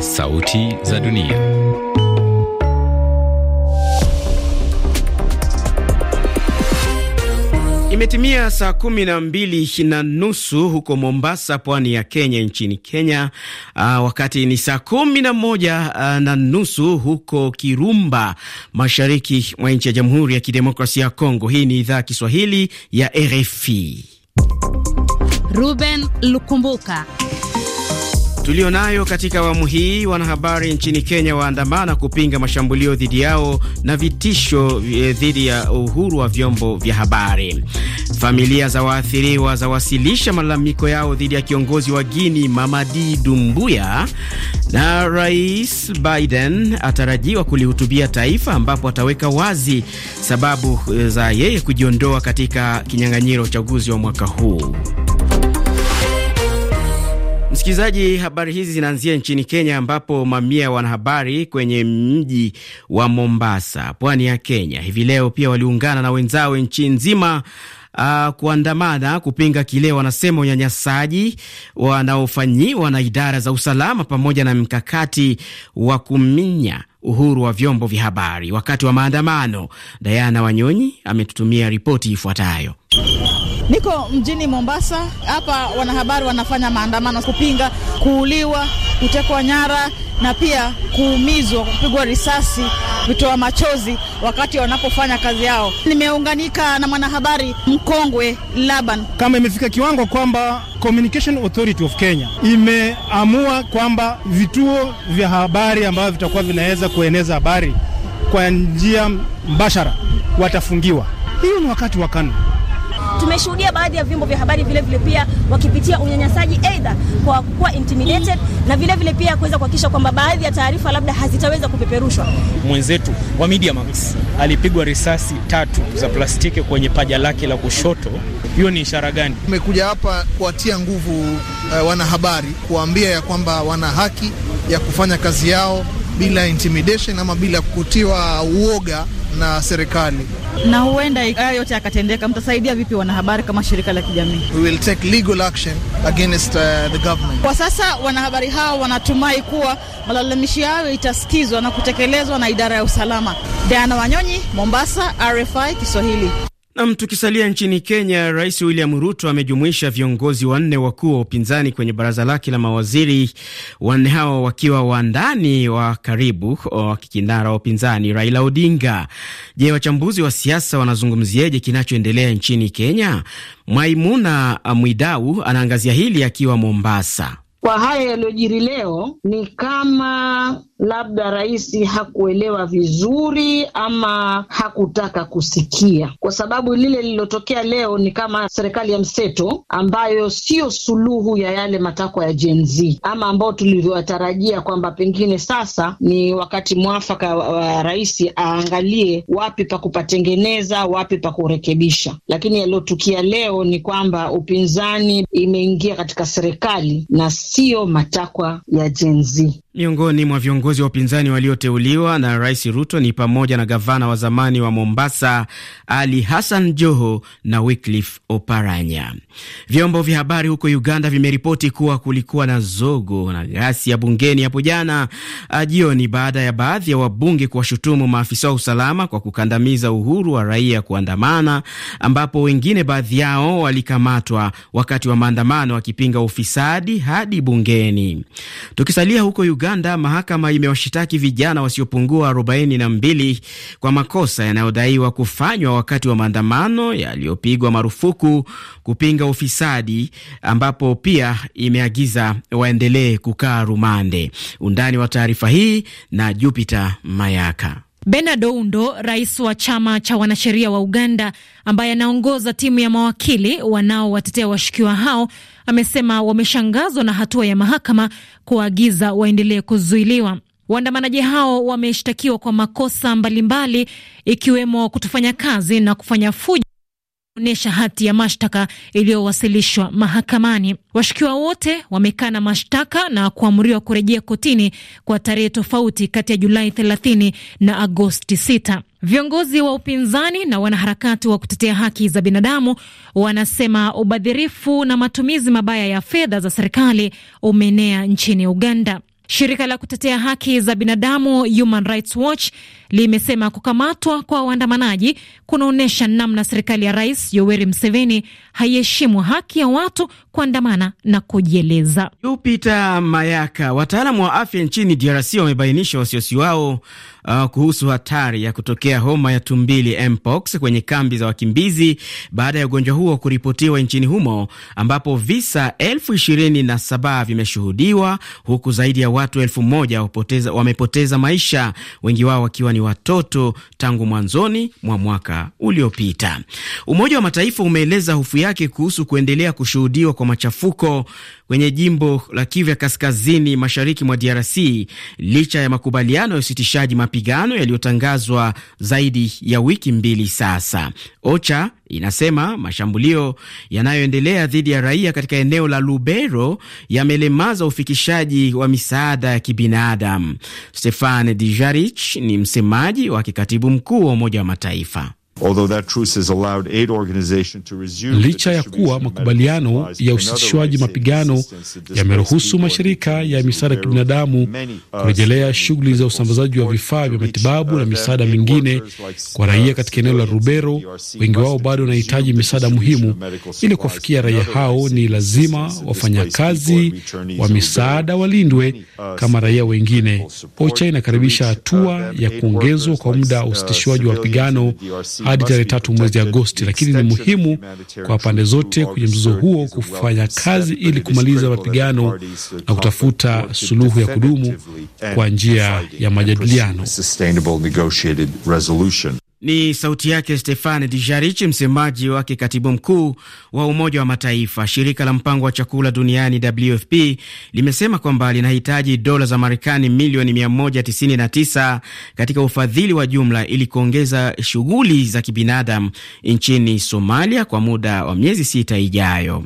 Sauti za Dunia. Imetimia saa kumi na mbili na nusu huko Mombasa, pwani ya Kenya, nchini Kenya. Uh, wakati ni saa kumi na moja uh, na nusu huko Kirumba, mashariki mwa nchi ya Jamhuri ya Kidemokrasia ya Kongo. Hii ni idhaa Kiswahili ya RFI. Ruben Lukumbuka tulio nayo katika awamu hii. Wanahabari nchini Kenya waandamana kupinga mashambulio dhidi yao na vitisho e, dhidi ya uhuru wa vyombo vya habari. Familia za waathiriwa zawasilisha malalamiko yao dhidi ya kiongozi wa Guini Mamadi Dumbuya, na Rais Biden atarajiwa kulihutubia taifa ambapo ataweka wazi sababu e, za yeye kujiondoa katika kinyang'anyiro cha uchaguzi wa mwaka huu. Msikilizaji, habari hizi zinaanzia nchini Kenya, ambapo mamia ya wanahabari kwenye mji wa Mombasa, pwani ya Kenya, hivi leo pia waliungana na wenzao nchi nzima Uh, kuandamana kupinga kile wanasema unyanyasaji wanaofanyiwa na idara za usalama pamoja na mkakati wa kuminya uhuru wa vyombo vya habari. Wakati wa maandamano, Diana Wanyonyi ametutumia ripoti ifuatayo. Niko mjini Mombasa. Hapa wanahabari wanafanya maandamano kupinga kuuliwa, kutekwa nyara na pia kuumizwa, kupigwa risasi, vitoa machozi wakati wanapofanya kazi yao. Nimeunganika na mwanahabari mkongwe Laban. Kama imefika kiwango kwamba Communication Authority of Kenya imeamua kwamba vituo vya habari ambavyo vitakuwa vinaweza kueneza habari kwa njia mbashara watafungiwa. Hiyo ni wakati wa kanuni Tumeshuhudia baadhi ya vyombo vya habari vile vile pia wakipitia unyanyasaji aidha kwa kuwa intimidated na vile vile pia kuweza kuhakikisha kwamba baadhi ya taarifa labda hazitaweza kupeperushwa. Mwenzetu wa Media Max alipigwa risasi tatu za plastiki kwenye paja lake la kushoto. Hiyo ni ishara gani? Tumekuja hapa kuwatia nguvu uh, wanahabari, kuwaambia ya kwamba wana haki ya kufanya kazi yao bila intimidation ama bila kutiwa uoga na serikali. Na huenda haya yote yakatendeka, mtasaidia vipi wanahabari kama shirika la kijamii? We will take legal action against uh, the government. Kwa sasa wanahabari hao wanatumai kuwa malalamishi yao itasikizwa na kutekelezwa na idara ya usalama. Diana Wanyonyi, Mombasa, RFI Kiswahili. Nam, tukisalia nchini Kenya, Rais William Ruto amejumuisha viongozi wanne wakuu wa upinzani kwenye baraza lake la mawaziri, wanne hao wakiwa wandani wa karibu wa kikindara wa upinzani Raila Odinga. Je, wachambuzi wa siasa wanazungumzieje kinachoendelea nchini Kenya? Mwaimuna Mwidau anaangazia hili akiwa Mombasa. Kwa haya yaliyojiri leo ni kama labda rais hakuelewa vizuri ama hakutaka kusikia, kwa sababu lile lililotokea leo ni kama serikali ya mseto ambayo siyo suluhu ya yale matakwa ya Gen Z ama ambao tulivyowatarajia kwamba pengine sasa ni wakati mwafaka wa rais aangalie wapi pa kupatengeneza, wapi pa kurekebisha. Lakini yaliyotukia leo ni kwamba upinzani imeingia katika serikali na siyo matakwa ya Gen Z. Miongoni mwa viongozi wa upinzani walioteuliwa na Rais Ruto ni pamoja na gavana wa zamani wa Mombasa Ali Hassan Joho na Wycliffe Oparanya. Vyombo vya habari huko Uganda vimeripoti kuwa kulikuwa na zogo na ghasia bungeni hapo jana ah, jioni baada ya baadhi ya wabunge kuwashutumu maafisa wa usalama kwa kukandamiza uhuru wa raia kuandamana, ambapo wengine baadhi yao walikamatwa wakati wa maandamano wakipinga ufisadi hadi bungeni. Tukisalia huko Uganda, Uganda, mahakama imewashitaki vijana wasiopungua 42 kwa makosa yanayodaiwa kufanywa wakati wa maandamano yaliyopigwa marufuku kupinga ufisadi, ambapo pia imeagiza waendelee kukaa rumande. Undani wa taarifa hii na Jupiter Mayaka. Bernard Oundo, rais wa chama cha wanasheria wa Uganda ambaye anaongoza timu ya mawakili wanaowatetea washukiwa hao, amesema wameshangazwa na hatua ya mahakama kuagiza waendelee kuzuiliwa. Waandamanaji hao wameshtakiwa kwa makosa mbalimbali ikiwemo kutofanya kazi na kufanya fujo onyesha hati ya mashtaka iliyowasilishwa mahakamani. Washukiwa wote na mashtaka na kuamriwa kurejea kotini kwa tarehe tofauti kati ya Julai 30 na Agosti 6. Viongozi wa upinzani na wanaharakati wa kutetea haki za binadamu wanasema ubadhirifu na matumizi mabaya ya fedha za serikali umeenea nchini Uganda. Shirika la kutetea haki za binadamu Human Rights Watch limesema kukamatwa kwa waandamanaji kunaonyesha namna serikali ya Rais Yoweri Museveni haiheshimu haki ya watu kuandamana na kujieleza. Jupiter Mayaka. Wataalamu wa afya nchini DRC wamebainisha wasiwasi wao uh, kuhusu hatari ya kutokea homa ya tumbili mpox kwenye kambi za wakimbizi baada ya ugonjwa huo kuripotiwa nchini humo ambapo visa elfu ishirini na saba vimeshuhudiwa huku zaidi ya watu elfu moja wapoteza, wamepoteza maisha, wengi wao wakiwa ni watoto tangu mwanzoni mwa mwaka uliopita. Umoja wa Mataifa umeeleza hofu yake kuhusu kuendelea kushuhudiwa kwa machafuko kwenye jimbo la Kivu ya kaskazini mashariki mwa DRC licha ya makubaliano ya usitishaji mapigano yaliyotangazwa zaidi ya wiki mbili sasa. OCHA inasema mashambulio yanayoendelea dhidi ya raia katika eneo la Lubero yamelemaza ufikishaji wa misaada misaada ya kibinadamu. Stefan Dijarich ni msemaji wa kikatibu mkuu wa Umoja wa Mataifa. Licha ya kuwa makubaliano ya usitishwaji mapigano yameruhusu mashirika ya misaada ya kibinadamu kurejelea shughuli za usambazaji wa vifaa vya matibabu uh, na misaada mingine kwa raia katika eneo la Rubero, e wengi wao bado wanahitaji misaada muhimu. Ili kuwafikia raia hao, ni lazima wafanyakazi wa misaada walindwe uh, kama raia wengine. OCHA inakaribisha uh, hatua ya kuongezwa kwa muda wa usitishwaji wa mapigano hadi tarehe tatu mwezi Agosti, lakini ni muhimu kwa pande zote kwenye mzozo huo kufanya kazi ili kumaliza mapigano na kutafuta suluhu ya kudumu kwa njia ya majadiliano. Ni sauti yake Stefan Dijarich, msemaji wake katibu mkuu wa Umoja wa Mataifa. Shirika la mpango wa chakula duniani WFP limesema kwamba linahitaji dola za Marekani milioni 199 katika ufadhili wa jumla ili kuongeza shughuli za kibinadamu nchini Somalia kwa muda wa miezi sita ijayo.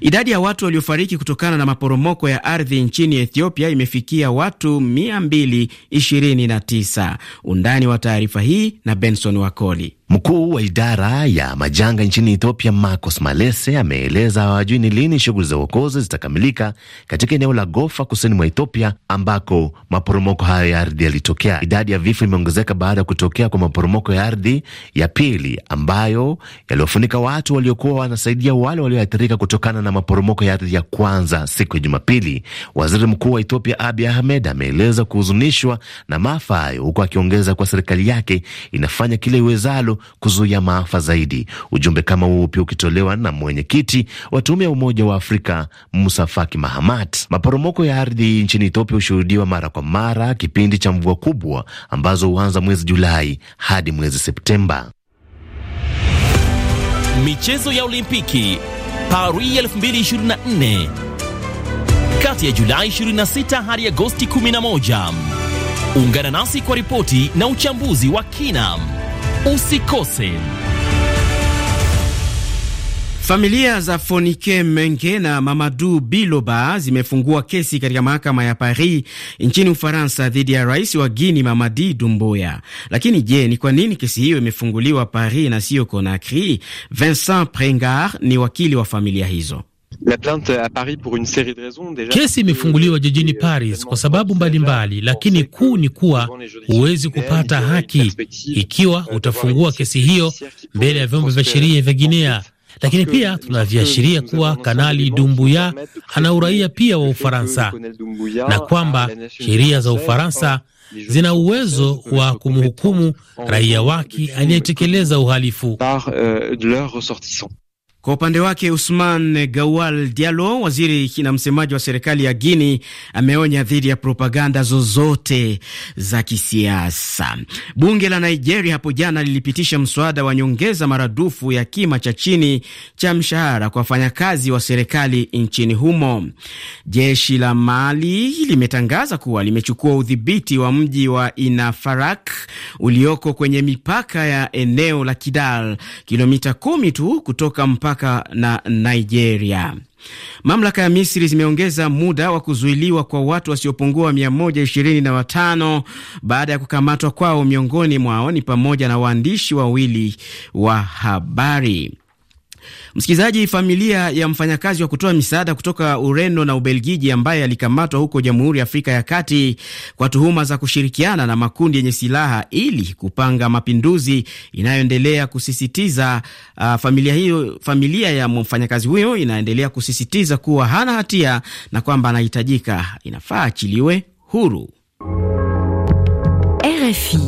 Idadi ya watu waliofariki kutokana na maporomoko ya ardhi nchini Ethiopia imefikia watu 229. Undani wa taarifa hii na Benson Wakoli. Mkuu wa idara ya majanga nchini Ethiopia Marcos Malese ameeleza hawajui ni lini shughuli za uokozi zitakamilika katika eneo la Gofa kusini mwa Ethiopia ambako maporomoko hayo ya ardhi yalitokea. Idadi ya vifo imeongezeka baada ya kutokea kwa maporomoko ya ardhi ya pili ambayo yaliwafunika watu waliokuwa wanasaidia wale walioathirika kutokana na maporomoko ya ardhi ya kwanza siku ya Jumapili. Waziri Mkuu wa Ethiopia Abiy Ahmed ameeleza kuhuzunishwa na maafa hayo, huku akiongeza kuwa serikali yake inafanya kile iwezalo kuzuia maafa zaidi. Ujumbe kama huo pia ukitolewa na mwenyekiti wa tume ya Umoja wa Afrika Musa Faki Mahamat. Maporomoko ya ardhi nchini Ethiopia hushuhudiwa mara kwa mara kipindi cha mvua kubwa ambazo huanza mwezi Julai hadi mwezi Septemba. Michezo ya Olimpiki Paris 2024 kati ya Julai 26 hadi Agosti 11. Ungana nasi kwa ripoti na uchambuzi wa kina. Usikose. Familia za Fonike Menge na Mamadu Biloba zimefungua kesi katika mahakama ya Paris nchini Ufaransa dhidi ya rais wa Guini Mamadi Dumboya. Lakini je, ni kwa nini kesi hiyo imefunguliwa Paris na siyo Conakry? Vincent prengar ni wakili wa familia hizo. Kesi imefunguliwa jijini Paris kwa sababu mbalimbali, lakini kuu ni kuwa huwezi kupata haki ikiwa utafungua kesi hiyo mbele ya vyombo vya sheria vya Guinea. Lakini pia tunaviashiria kuwa Kanali Dumbuya ana uraia pia wa Ufaransa na kwamba sheria za Ufaransa zina uwezo wa kumhukumu raia wake aliyetekeleza uhalifu. Euh, kwa upande wake Usman Gawal Diallo, waziri na msemaji wa serikali ya Guini, ameonya dhidi ya propaganda zozote za kisiasa. Bunge la Nigeria hapo jana lilipitisha mswada wa nyongeza maradufu ya kima cha chini cha mshahara kwa wafanyakazi wa serikali nchini humo. Jeshi la Mali limetangaza kuwa limechukua udhibiti wa mji wa Inafarak ulioko kwenye mipaka ya eneo la Kidal, kilomita kumi tu kutoka mpaka mpaka na Nigeria. Mamlaka ya Misri zimeongeza muda wa kuzuiliwa kwa watu wasiopungua 125 baada ya kukamatwa kwao. Miongoni mwao ni pamoja na waandishi wawili wa habari. Msikilizaji, familia ya mfanyakazi wa kutoa misaada kutoka Ureno na Ubelgiji ambaye alikamatwa huko Jamhuri ya Afrika ya Kati kwa tuhuma za kushirikiana na makundi yenye silaha ili kupanga mapinduzi inayoendelea kusisitiza uh, familia hiyo, familia ya mfanyakazi huyo inaendelea kusisitiza kuwa hana hatia na kwamba anahitajika, inafaa achiliwe huru. RFI.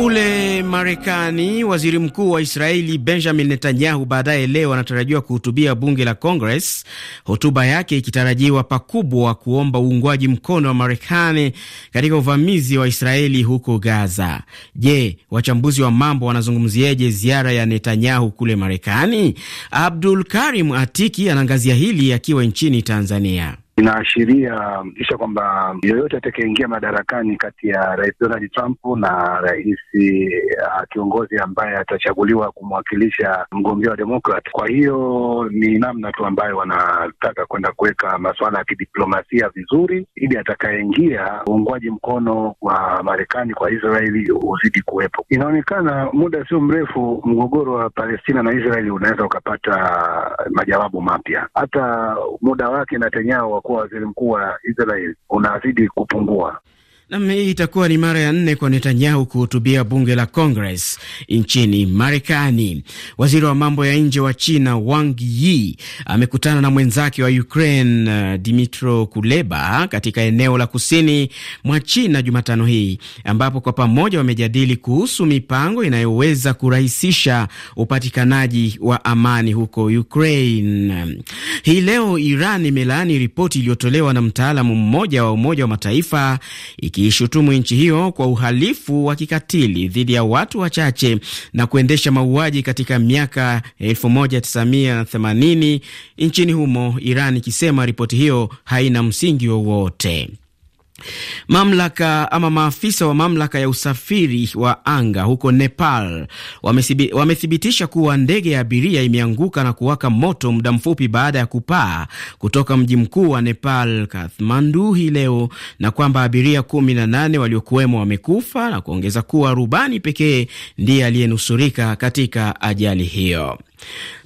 kule Marekani, waziri mkuu wa Israeli Benjamin Netanyahu baadaye leo anatarajiwa kuhutubia bunge la Congress, hotuba yake ikitarajiwa pakubwa kuomba uungwaji mkono wa Marekani katika uvamizi wa Israeli huko Gaza. Je, wachambuzi wa mambo wanazungumziaje ziara ya Netanyahu kule Marekani? Abdul Karim Atiki anaangazia hili akiwa nchini Tanzania inaashiria isha kwamba yoyote atakayeingia madarakani kati ya Rais Donald Trump na rais uh, kiongozi ambaye atachaguliwa kumwakilisha mgombea wa Demokrat. Kwa hiyo ni namna tu ambayo wanataka kwenda kuweka masuala ya kidiplomasia vizuri, ili atakayeingia uungwaji mkono wa Marekani kwa Israeli uzidi kuwepo. Inaonekana muda sio mrefu mgogoro wa Palestina na Israeli unaweza ukapata majawabu mapya, hata muda wake na tenyao kuwa waziri mkuu wa Israel unazidi kupungua. Nam, hii itakuwa ni mara ya nne kwa Netanyahu kuhutubia bunge la Congress nchini Marekani. Waziri wa mambo ya nje wa China Wang Yi amekutana na mwenzake wa Ukraine uh, Dmitro Kuleba katika eneo la kusini mwa China Jumatano hii, ambapo kwa pamoja wamejadili kuhusu mipango inayoweza kurahisisha upatikanaji wa amani huko Ukraine. Hii leo Iran imelaani ripoti iliyotolewa na mtaalamu mmoja wa Umoja wa Mataifa iki ikiishutumu nchi hiyo kwa uhalifu wa kikatili dhidi ya watu wachache na kuendesha mauaji katika miaka 1980 nchini humo, Iran ikisema ripoti hiyo haina msingi wowote. Mamlaka ama maafisa wa mamlaka ya usafiri wa anga huko Nepal wamethibitisha kuwa ndege ya abiria imeanguka na kuwaka moto muda mfupi baada ya kupaa kutoka mji mkuu wa Nepal, Kathmandu, hii leo na kwamba abiria kumi na nane waliokuwemo wamekufa na kuongeza kuwa rubani pekee ndiye aliyenusurika katika ajali hiyo.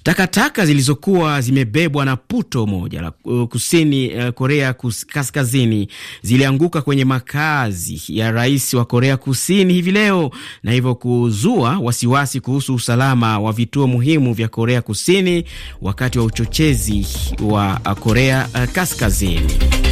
Takataka zilizokuwa zimebebwa na puto moja la uh, kusini uh, Korea kus, kaskazini zilianguka kwenye makazi ya rais wa Korea Kusini hivi leo na hivyo kuzua wasiwasi kuhusu usalama wa vituo muhimu vya Korea Kusini wakati wa uchochezi wa uh, Korea uh, Kaskazini.